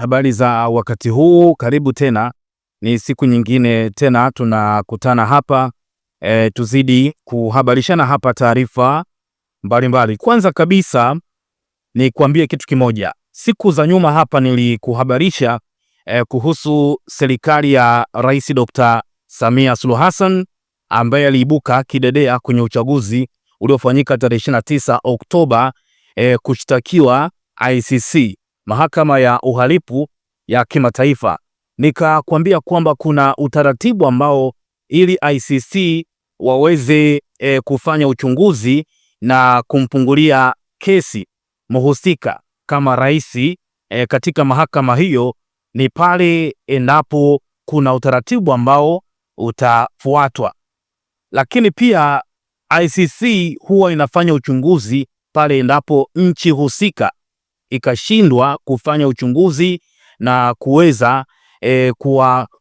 Habari za wakati huu, karibu tena, ni siku nyingine tena tunakutana hapa e, tuzidi kuhabarishana hapa taarifa mbalimbali. Kwanza kabisa ni kuambie kitu kimoja, siku za nyuma hapa nilikuhabarisha e, kuhusu serikali ya Rais Dr. Samia Suluhu Hassan ambaye aliibuka kidedea kwenye uchaguzi uliofanyika tarehe 29 Oktoba e, kushtakiwa ICC mahakama ya uhalifu ya kimataifa. Nikakwambia kwamba kuna utaratibu ambao ili ICC waweze e, kufanya uchunguzi na kumpungulia kesi mhusika kama rais e, katika mahakama hiyo ni pale endapo kuna utaratibu ambao utafuatwa, lakini pia ICC huwa inafanya uchunguzi pale endapo nchi husika ikashindwa kufanya uchunguzi na kuweza e,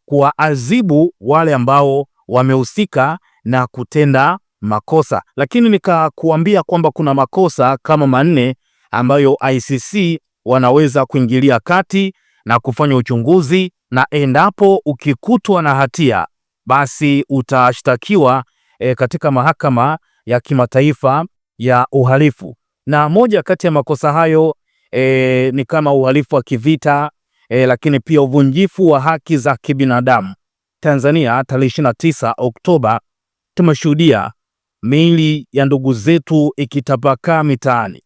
kuwaadhibu wale ambao wamehusika na kutenda makosa. Lakini nikakuambia kwamba kuna makosa kama manne ambayo ICC wanaweza kuingilia kati na kufanya uchunguzi, na endapo ukikutwa na hatia basi utashtakiwa e, katika mahakama ya kimataifa ya uhalifu, na moja kati ya makosa hayo e, ni kama uhalifu wa kivita e, lakini pia uvunjifu wa haki za kibinadamu. Tanzania tarehe 29 Oktoba tumeshuhudia miili ya ndugu zetu ikitapakaa mitaani.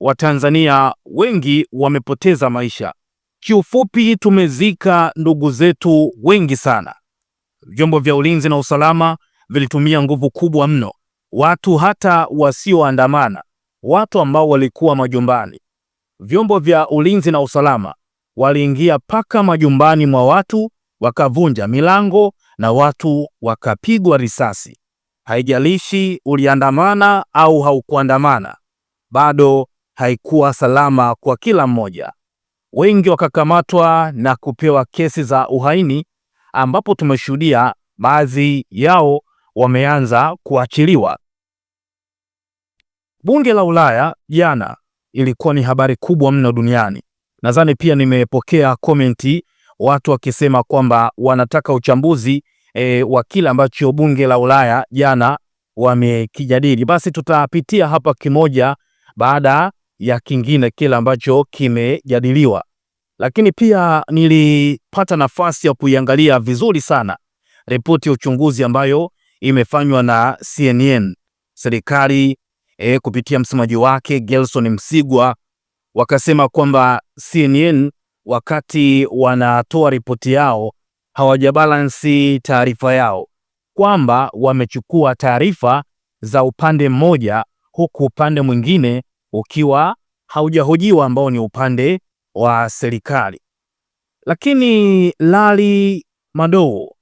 Watanzania wengi wamepoteza maisha. Kiufupi, tumezika ndugu zetu wengi sana. Vyombo vya ulinzi na usalama vilitumia nguvu kubwa mno. Watu hata wasioandamana, watu ambao walikuwa majumbani, vyombo vya ulinzi na usalama waliingia mpaka majumbani mwa watu wakavunja milango na watu wakapigwa risasi. Haijalishi uliandamana au haukuandamana, bado haikuwa salama kwa kila mmoja. Wengi wakakamatwa na kupewa kesi za uhaini, ambapo tumeshuhudia baadhi yao wameanza kuachiliwa. Bunge la Ulaya jana ilikuwa ni habari kubwa mno duniani. Nadhani pia nimepokea komenti watu wakisema kwamba wanataka uchambuzi e, wa kile ambacho bunge la Ulaya jana wamekijadili. Basi tutapitia hapa kimoja baada ya kingine kile ambacho kimejadiliwa, lakini pia nilipata nafasi ya kuiangalia vizuri sana ripoti ya uchunguzi ambayo imefanywa na CNN, serikali e, kupitia msemaji wake Gelson Msigwa wakasema kwamba CNN wakati wanatoa ripoti yao hawajabalansi taarifa yao, kwamba wamechukua taarifa za upande mmoja huku upande mwingine ukiwa haujahojiwa ambao ni upande wa serikali. Lakini Lali Madowo,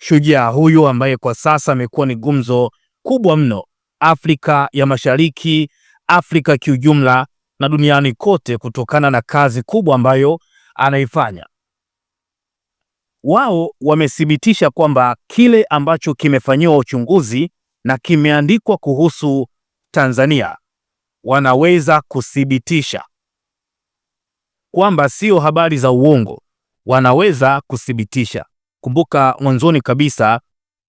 shujaa huyu ambaye kwa sasa amekuwa ni gumzo kubwa mno Afrika ya Mashariki, Afrika kiujumla na duniani kote kutokana na kazi kubwa ambayo anaifanya. Wao wamethibitisha kwamba kile ambacho kimefanyiwa uchunguzi na kimeandikwa kuhusu Tanzania wanaweza kuthibitisha kwamba sio habari za uongo, wanaweza kuthibitisha. Kumbuka mwanzoni kabisa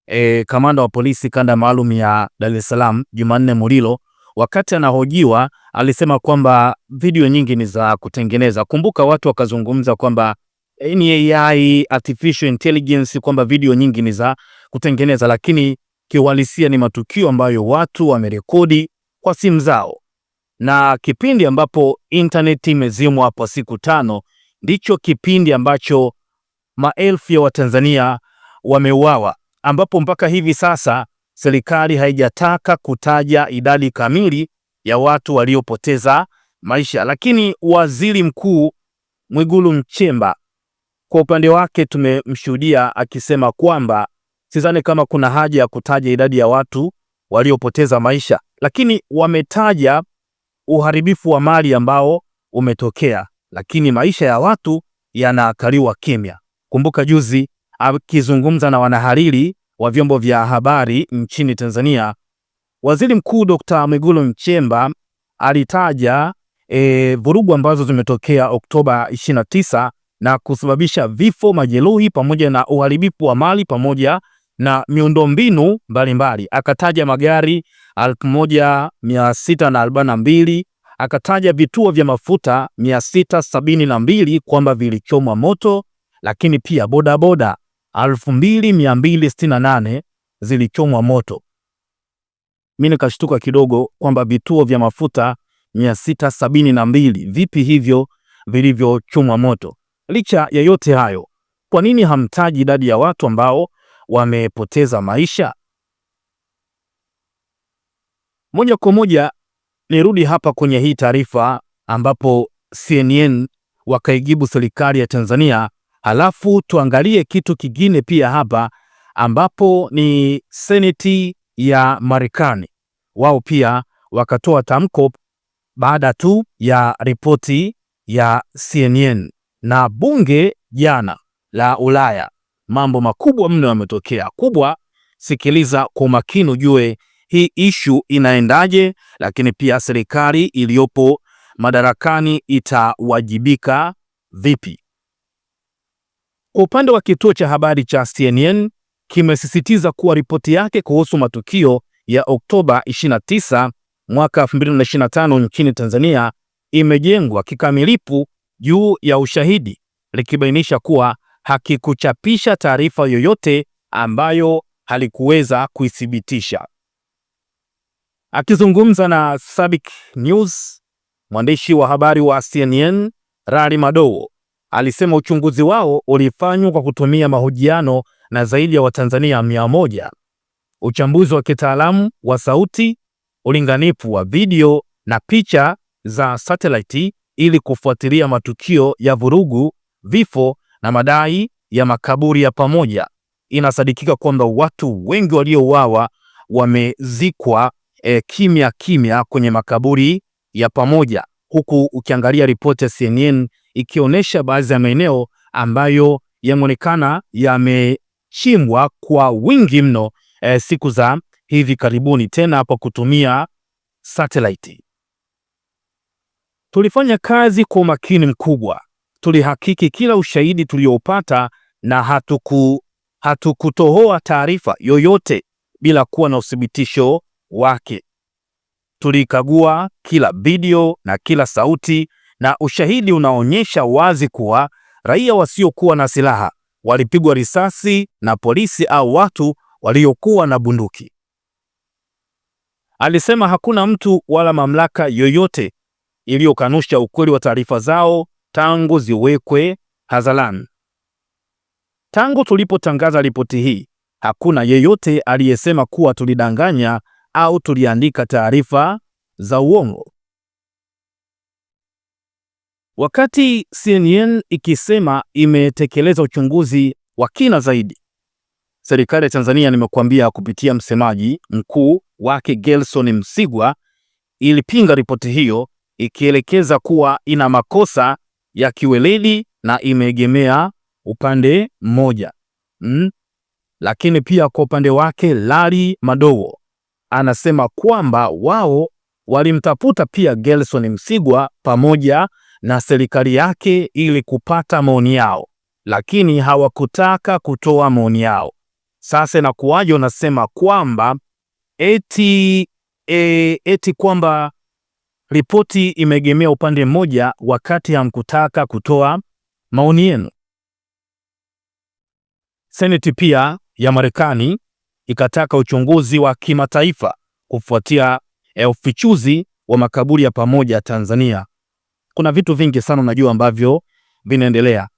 e, kamanda wa polisi kanda maalum ya Dar es Salaam Jumanne Mulilo wakati anahojiwa alisema kwamba video nyingi ni za kutengeneza. Kumbuka watu wakazungumza kwamba e, ni AI artificial intelligence, kwamba video nyingi ni za kutengeneza, lakini kiuhalisia ni matukio ambayo watu wamerekodi kwa simu zao, na kipindi ambapo internet imezimwa hapo siku tano ndicho kipindi ambacho maelfu ya Watanzania wameuawa ambapo mpaka hivi sasa serikali haijataka kutaja idadi kamili ya watu waliopoteza maisha. Lakini Waziri Mkuu Mwigulu Nchemba kwa upande wake tumemshuhudia akisema kwamba sidhani kama kuna haja ya kutaja idadi ya watu waliopoteza maisha, lakini wametaja uharibifu wa mali ambao umetokea, lakini maisha ya watu yanaakaliwa kimya. Kumbuka juzi Akizungumza na wanahariri wa vyombo vya habari nchini Tanzania, Waziri Mkuu Dr. Mwigulu Nchemba alitaja e, vurugu ambazo zimetokea Oktoba 29 na kusababisha vifo, majeruhi pamoja na uharibifu wa mali pamoja na miundombinu mbalimbali. Akataja magari 1642 akataja vituo vya mafuta 672 kwamba vilichomwa moto, lakini pia bodaboda 2268 zilichomwa moto. Mimi nikashtuka kidogo kwamba vituo vya mafuta 672 vipi hivyo vilivyochomwa moto? Licha ya yote hayo, kwa nini hamtaji idadi ya watu ambao wamepoteza maisha? Moja kwa moja nirudi hapa kwenye hii taarifa ambapo CNN wakaijibu serikali ya Tanzania Halafu tuangalie kitu kingine pia hapa ambapo ni seneti ya Marekani, wao pia wakatoa tamko baada tu ya ripoti ya CNN na bunge jana la Ulaya, mambo makubwa mno yametokea. Kubwa, sikiliza kwa makini ujue hii ishu inaendaje, lakini pia serikali iliyopo madarakani itawajibika vipi? Kwa upande wa kituo cha habari cha CNN kimesisitiza kuwa ripoti yake kuhusu matukio ya Oktoba 29 mwaka 2025 nchini Tanzania imejengwa kikamilifu juu ya ushahidi, likibainisha kuwa hakikuchapisha taarifa yoyote ambayo halikuweza kuithibitisha. Akizungumza na Sabic News, mwandishi wa habari wa CNN Rali Madowo alisema uchunguzi wao ulifanywa kwa kutumia mahojiano na zaidi ya Watanzania mia moja, uchambuzi wa kitaalamu wa sauti, ulinganifu wa video na picha za satelaiti ili kufuatilia matukio ya vurugu, vifo na madai ya makaburi ya pamoja. Inasadikika kwamba watu wengi waliouawa wamezikwa e, kimya kimya kwenye makaburi ya pamoja huku ukiangalia ripoti ya CNN ikionyesha baadhi ya maeneo ambayo yameonekana yamechimbwa kwa wingi mno e, siku za hivi karibuni tena kwa kutumia satellite. Tulifanya kazi kwa umakini mkubwa, tulihakiki kila ushahidi tuliopata na hatuku hatukutohoa taarifa yoyote bila kuwa na uthibitisho wake tuliikagua kila video na kila sauti, na ushahidi unaonyesha wazi kuwa raia wasiokuwa na silaha walipigwa risasi na polisi au watu waliokuwa na bunduki. Alisema hakuna mtu wala mamlaka yoyote iliyokanusha ukweli wa taarifa zao tangu ziwekwe hadharani. Tangu tulipotangaza ripoti hii, hakuna yeyote aliyesema kuwa tulidanganya au tuliandika taarifa za uongo. Wakati CNN ikisema imetekeleza uchunguzi wa kina zaidi, serikali ya Tanzania, nimekuambia kupitia msemaji mkuu wake Gelson Msigwa, ilipinga ripoti hiyo ikielekeza kuwa ina makosa ya kiweledi na imeegemea upande mmoja mm. Lakini pia kwa upande wake Lari Madowo anasema kwamba wao walimtafuta pia Gerson Msigwa pamoja na serikali yake ili kupata maoni yao, lakini hawakutaka kutoa maoni yao. Sasa inakuwaje unasema kwamba eti, e, eti kwamba ripoti imeegemea upande mmoja wakati hamkutaka kutoa maoni yenu? Seneti pia ya Marekani ikataka uchunguzi wa kimataifa kufuatia eh, ufichuzi wa makaburi ya pamoja Tanzania. Kuna vitu vingi sana unajua ambavyo vinaendelea.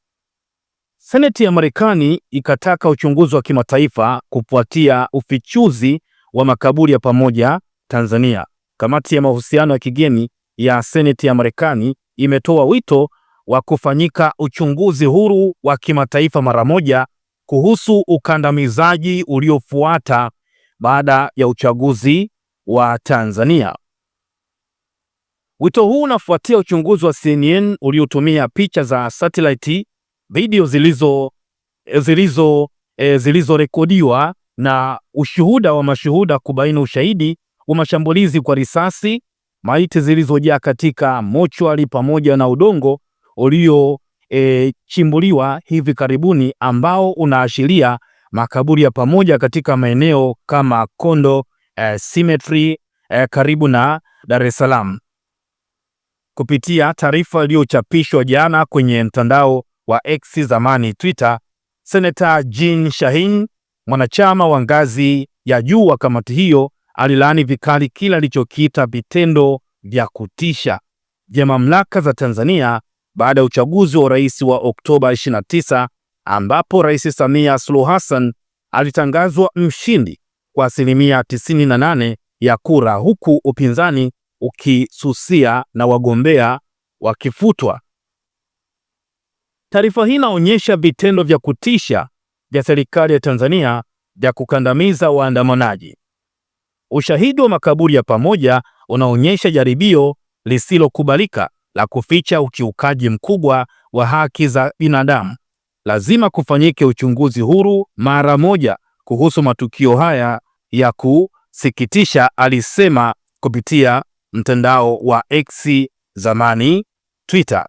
Seneti ya Marekani ikataka uchunguzi wa kimataifa kufuatia ufichuzi wa makaburi ya pamoja Tanzania. Kamati ya mahusiano ya kigeni ya Seneti ya Marekani imetoa wito wa kufanyika uchunguzi huru wa kimataifa mara moja kuhusu ukandamizaji uliofuata baada ya uchaguzi wa Tanzania. Wito huu unafuatia uchunguzi wa CNN uliotumia picha za satellite video zilizo zilizo e, zilizorekodiwa na ushuhuda wa mashuhuda kubaini ushahidi wa mashambulizi kwa risasi, maiti zilizojaa katika mochwali pamoja na udongo ulio e, chimbuliwa hivi karibuni ambao unaashiria makaburi ya pamoja katika maeneo kama Kondo e, Cemetery e, karibu na Dar es Salaam. Kupitia taarifa iliyochapishwa jana kwenye mtandao wa X zamani Twitter, Senata Jean Shahin, mwanachama wa ngazi ya juu wa kamati hiyo, alilaani vikali kila alichokiita vitendo vya kutisha vya mamlaka za Tanzania baada ya uchaguzi wa urais wa Oktoba 29 ambapo Rais Samia Suluhu Hassan alitangazwa mshindi kwa asilimia 98 ya kura, huku upinzani ukisusia na wagombea wakifutwa. Taarifa hii inaonyesha vitendo vya kutisha vya serikali ya Tanzania vya kukandamiza waandamanaji. Ushahidi wa makaburi ya pamoja unaonyesha jaribio lisilokubalika la kuficha ukiukaji mkubwa wa haki za binadamu. Lazima kufanyike uchunguzi huru mara moja kuhusu matukio haya ya kusikitisha, alisema kupitia mtandao wa X zamani Twitter.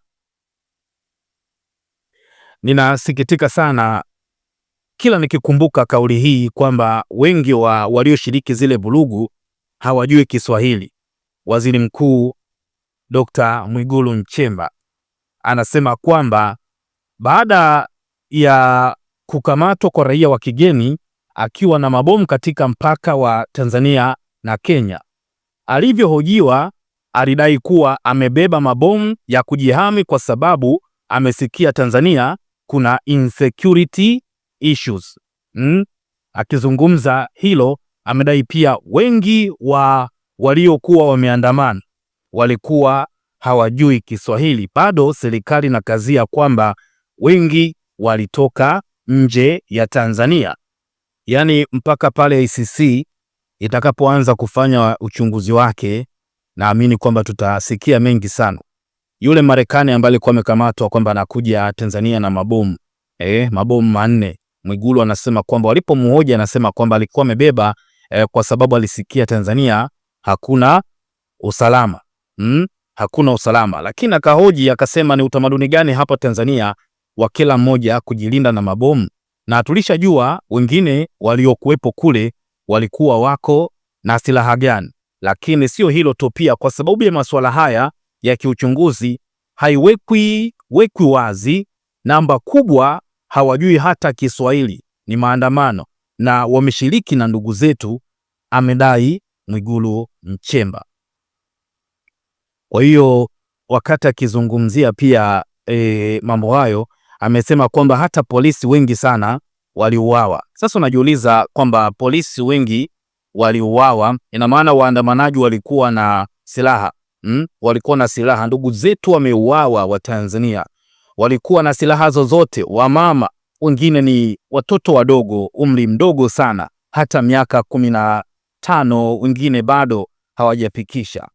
Ninasikitika sana kila nikikumbuka kauli hii kwamba wengi wa walioshiriki zile vurugu hawajui Kiswahili. Waziri Mkuu Dr. Mwigulu Nchemba anasema kwamba baada ya kukamatwa kwa raia wa kigeni akiwa na mabomu katika mpaka wa Tanzania na Kenya, alivyohojiwa alidai kuwa amebeba mabomu ya kujihami kwa sababu amesikia Tanzania kuna insecurity issues mm. Akizungumza hilo amedai pia wengi wa waliokuwa wameandamana walikuwa hawajui Kiswahili bado. Serikali na kazia kwamba wengi walitoka nje ya Tanzania, yaani mpaka pale ICC itakapoanza kufanya uchunguzi wake, naamini kwamba tutasikia mengi sana. Yule Marekani ambaye alikuwa amekamatwa kwamba anakuja Tanzania na mabomu eh, mabomu manne, Mwigulu anasema kwamba walipomhoja, anasema kwamba alikuwa amebeba eh, kwa sababu alisikia Tanzania hakuna usalama mm, hakuna usalama. Lakini akahoji akasema, ni utamaduni gani hapa Tanzania wa kila mmoja kujilinda na mabomu? Na tulishajua wengine waliokuwepo kule walikuwa wako na silaha gani. Lakini sio hilo tu, pia kwa sababu ya masuala haya ya kiuchunguzi haiwekwi wekwi wazi, namba kubwa hawajui hata Kiswahili, ni maandamano na wameshiriki na ndugu zetu, amedai Mwigulu Nchemba. Kwa hiyo wakati akizungumzia pia e, mambo hayo amesema kwamba hata polisi wengi sana waliuawa. Sasa unajiuliza kwamba polisi wengi waliuawa, ina maana waandamanaji walikuwa na silaha mm? walikuwa na silaha. Ndugu zetu wameuawa, wa tanzania walikuwa na silaha zozote, wamama wengine ni watoto wadogo, umri mdogo sana, hata miaka kumi na tano, wengine bado hawajapikisha.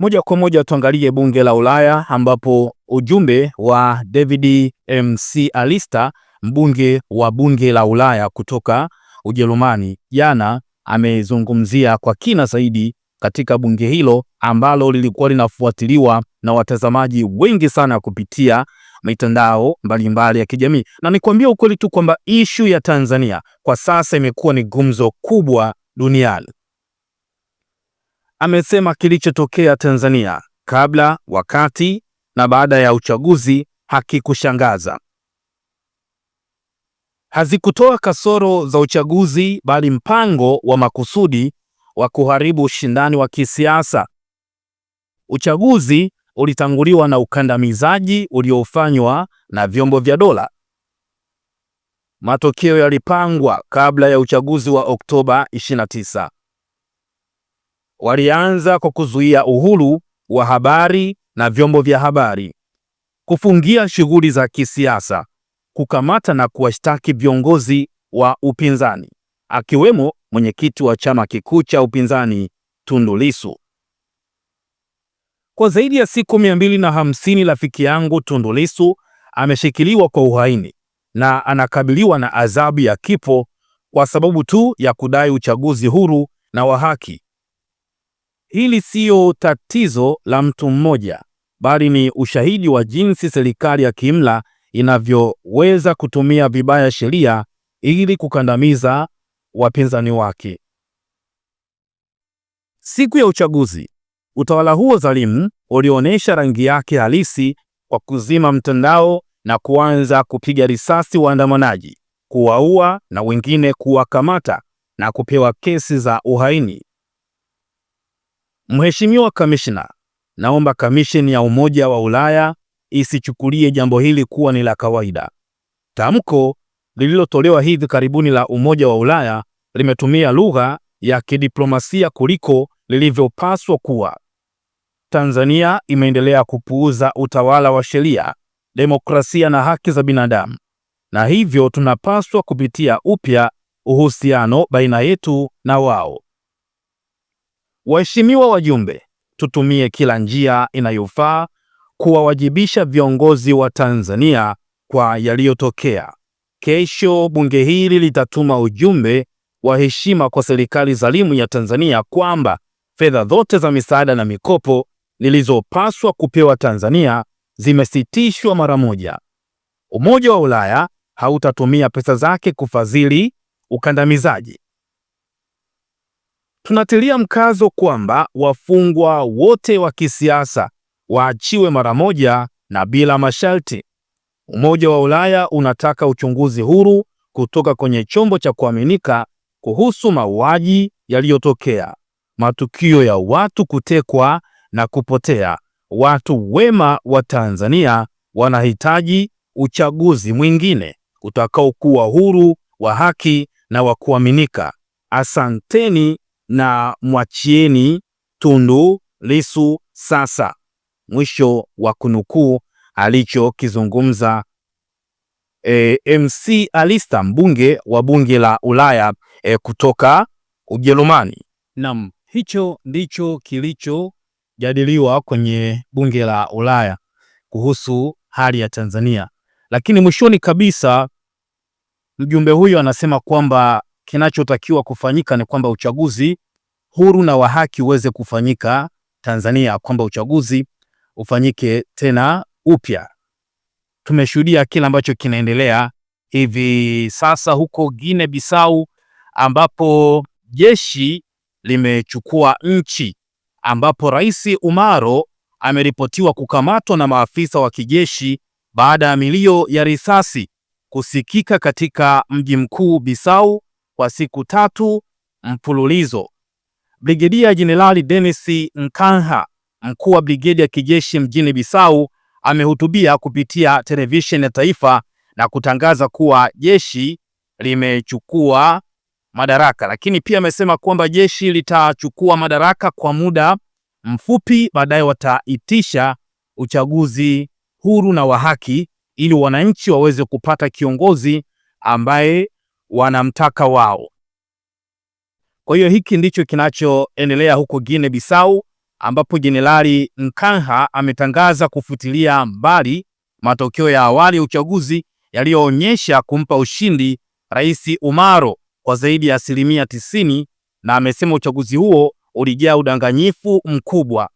Moja kwa moja tuangalie bunge la Ulaya ambapo ujumbe wa David McAllister, mbunge wa bunge la Ulaya kutoka Ujerumani, jana amezungumzia kwa kina zaidi katika bunge hilo ambalo lilikuwa linafuatiliwa na watazamaji wengi sana kupitia mitandao mbalimbali ya kijamii. Na nikwambia ukweli tu kwamba ishu ya Tanzania kwa sasa imekuwa ni gumzo kubwa duniani amesema kilichotokea Tanzania kabla, wakati na baada ya uchaguzi hakikushangaza. Hazikutoa kasoro za uchaguzi, bali mpango wa makusudi wa kuharibu ushindani wa kisiasa. Uchaguzi ulitanguliwa na ukandamizaji uliofanywa na vyombo vya dola. Matokeo yalipangwa kabla ya uchaguzi wa Oktoba 29 walianza kwa kuzuia uhuru wa habari na vyombo vya habari, kufungia shughuli za kisiasa, kukamata na kuwashtaki viongozi wa upinzani akiwemo mwenyekiti wa chama kikuu cha upinzani Tundu Lissu. Kwa zaidi ya siku 250 na hamsini rafiki yangu Tundu Lissu ameshikiliwa kwa uhaini na anakabiliwa na adhabu ya kifo kwa sababu tu ya kudai uchaguzi huru na wa haki Hili siyo tatizo la mtu mmoja, bali ni ushahidi wa jinsi serikali ya kiimla inavyoweza kutumia vibaya sheria ili kukandamiza wapinzani wake. Siku ya uchaguzi, utawala huo dhalimu ulionyesha rangi yake halisi kwa kuzima mtandao na kuanza kupiga risasi waandamanaji, kuwaua na wengine kuwakamata na kupewa kesi za uhaini. Mheshimiwa Kamishna, naomba kamisheni ya Umoja wa Ulaya isichukulie jambo hili kuwa ni la kawaida. Tamko lililotolewa hivi karibuni la Umoja wa Ulaya limetumia lugha ya kidiplomasia kuliko lilivyopaswa kuwa. Tanzania imeendelea kupuuza utawala wa sheria, demokrasia na haki za binadamu, na hivyo tunapaswa kupitia upya uhusiano baina yetu na wao. Waheshimiwa wajumbe, tutumie kila njia inayofaa kuwawajibisha viongozi wa Tanzania kwa yaliyotokea. Kesho bunge hili litatuma ujumbe wa heshima kwa serikali zalimu ya Tanzania kwamba fedha zote za misaada na mikopo zilizopaswa kupewa Tanzania zimesitishwa mara moja. Umoja wa Ulaya hautatumia pesa zake kufadhili ukandamizaji, Tunatilia mkazo kwamba wafungwa wote wa kisiasa waachiwe mara moja na bila masharti. Umoja wa Ulaya unataka uchunguzi huru kutoka kwenye chombo cha kuaminika kuhusu mauaji yaliyotokea, matukio ya watu kutekwa na kupotea. Watu wema wa Tanzania wanahitaji uchaguzi mwingine utakaokuwa huru, wa haki na wa kuaminika. Asanteni na mwachieni Tundu lisu sasa. Mwisho wa kunukuu alichokizungumza e, MC Alista mbunge wa bunge la Ulaya e, kutoka Ujerumani. Naam, hicho ndicho kilichojadiliwa kwenye bunge la Ulaya kuhusu hali ya Tanzania, lakini mwishoni kabisa mjumbe huyo anasema kwamba kinachotakiwa kufanyika ni kwamba uchaguzi huru na wa haki uweze kufanyika Tanzania, kwamba uchaguzi ufanyike tena upya. Tumeshuhudia kile ambacho kinaendelea hivi sasa huko Guinea Bissau, ambapo jeshi limechukua nchi, ambapo Rais Umaro ameripotiwa kukamatwa na maafisa wa kijeshi baada ya milio ya risasi kusikika katika mji mkuu Bissau kwa siku tatu mfululizo. Brigedia Jenerali Dennis Nkanha, mkuu wa brigedi ya kijeshi mjini Bisau, amehutubia kupitia televisheni ya taifa na kutangaza kuwa jeshi limechukua madaraka, lakini pia amesema kwamba jeshi litachukua madaraka kwa muda mfupi, baadaye wataitisha uchaguzi huru na wa haki ili wananchi waweze kupata kiongozi ambaye wanamtaka wao. Kwa hiyo hiki ndicho kinachoendelea huko Guinea Bissau ambapo Jenerali Nkanha ametangaza kufutilia mbali matokeo ya awali ya uchaguzi yaliyoonyesha kumpa ushindi Rais Umaro kwa zaidi ya asilimia tisini na amesema uchaguzi huo ulijaa udanganyifu mkubwa.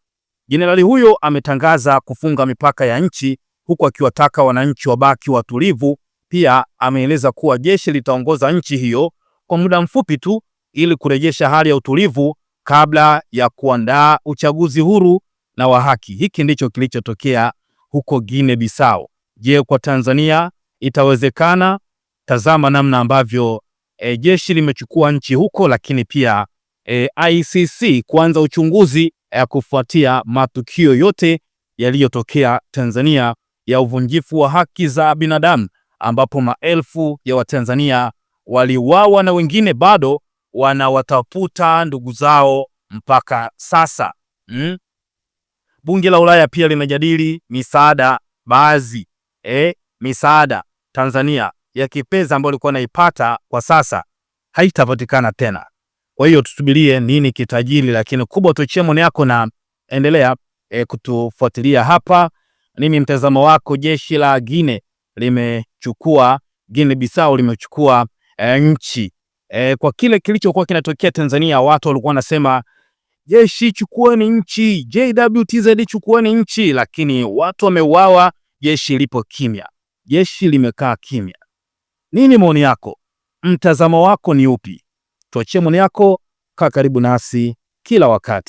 Jenerali huyo ametangaza kufunga mipaka ya nchi huku akiwataka wananchi wabaki watulivu pia ameeleza kuwa jeshi litaongoza nchi hiyo kwa muda mfupi tu ili kurejesha hali ya utulivu kabla ya kuandaa uchaguzi huru na wa haki. Hiki ndicho kilichotokea huko Guinea Bissau. Je, kwa Tanzania itawezekana? Tazama namna ambavyo e, jeshi limechukua nchi huko, lakini pia e, eh, ICC kuanza uchunguzi ya eh, kufuatia matukio yote yaliyotokea Tanzania ya uvunjifu wa haki za binadamu ambapo maelfu ya Watanzania waliuawa na wengine bado wanawatafuta ndugu zao mpaka sasa mm? Bunge la Ulaya pia linajadili misaada baadhi eh, misaada Tanzania ya kipesa ambayo ilikuwa naipata kwa sasa haitapatikana tena. Kwa hiyo tusubirie nini kitajiri, lakini kubwa tuchie maoni yako na endelea eh, kutufuatilia hapa. Mimi mtazamo wako? Jeshi la Guinea limechukua Guinea Bissau limechukua e, nchi e, kwa kile kilichokuwa kinatokea Tanzania, watu walikuwa wanasema jeshi chukueni nchi, JWTZ chukueni nchi, lakini watu wameuawa, jeshi lipo kimya, jeshi limekaa kimya. Nini maoni yako? Mtazamo wako ni upi? Tuachie maoni yako, kaa karibu nasi kila wakati.